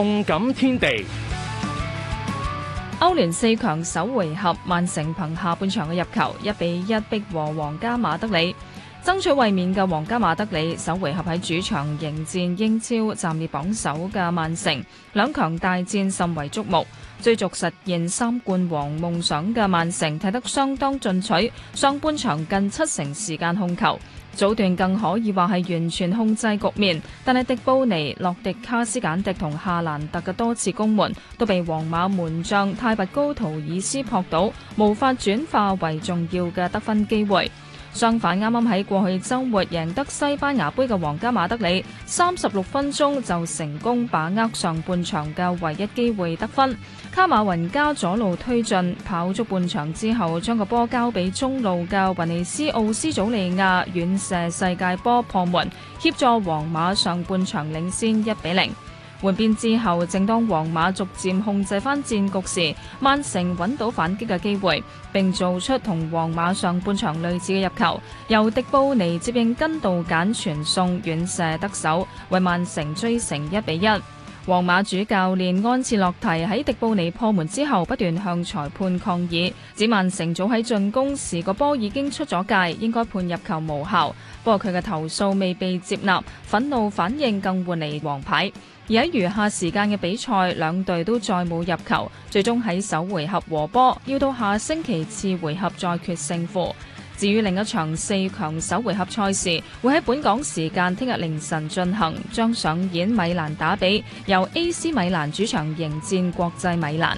動感天地，歐聯四強首回合，曼城憑下半場嘅入球一比一逼和皇家馬德里。爭取衛冕嘅皇家馬德里首回合喺主場迎戰英超暫列榜首嘅曼城，兩強大戰甚為矚目。追逐實現三冠王夢想嘅曼城，踢得相當進取，上半場近七成時間控球，早段更可以話係完全控制局面。但係迪布尼、洛迪、卡斯簡迪同夏蘭特嘅多次攻門，都被皇馬門將泰拔高圖爾斯撲倒，無法轉化為重要嘅得分機會。相反，啱啱喺過去周末贏得西班牙杯嘅皇家馬德里，三十六分鐘就成功把握上半場嘅唯一機會得分。卡馬雲加左路推進，跑足半場之後，將個波交俾中路嘅維尼斯奧斯祖利亞遠射世界波破門，協助皇馬上半場領先一比零。換邊之後，正當皇馬逐漸控制翻戰局時，曼城揾到反擊嘅機會，並做出同皇馬上半場類似嘅入球，由迪布尼接應根度簡傳送遠射得手，為曼城追成一比一。皇馬主教練安切洛提喺迪布尼破門之後，不斷向裁判抗議，指曼城早喺進攻時個波已經出咗界，應該判入球無效。不過佢嘅投訴未被接納，憤怒反應更換嚟黃牌。而喺餘下時間嘅比賽，兩隊都再冇入球，最終喺首回合和波，要到下星期次回合再決勝負。至於另一場四強首回合賽事，會喺本港時間聽日凌晨進行，將上演米蘭打比，由 AC 米蘭主場迎戰國際米蘭。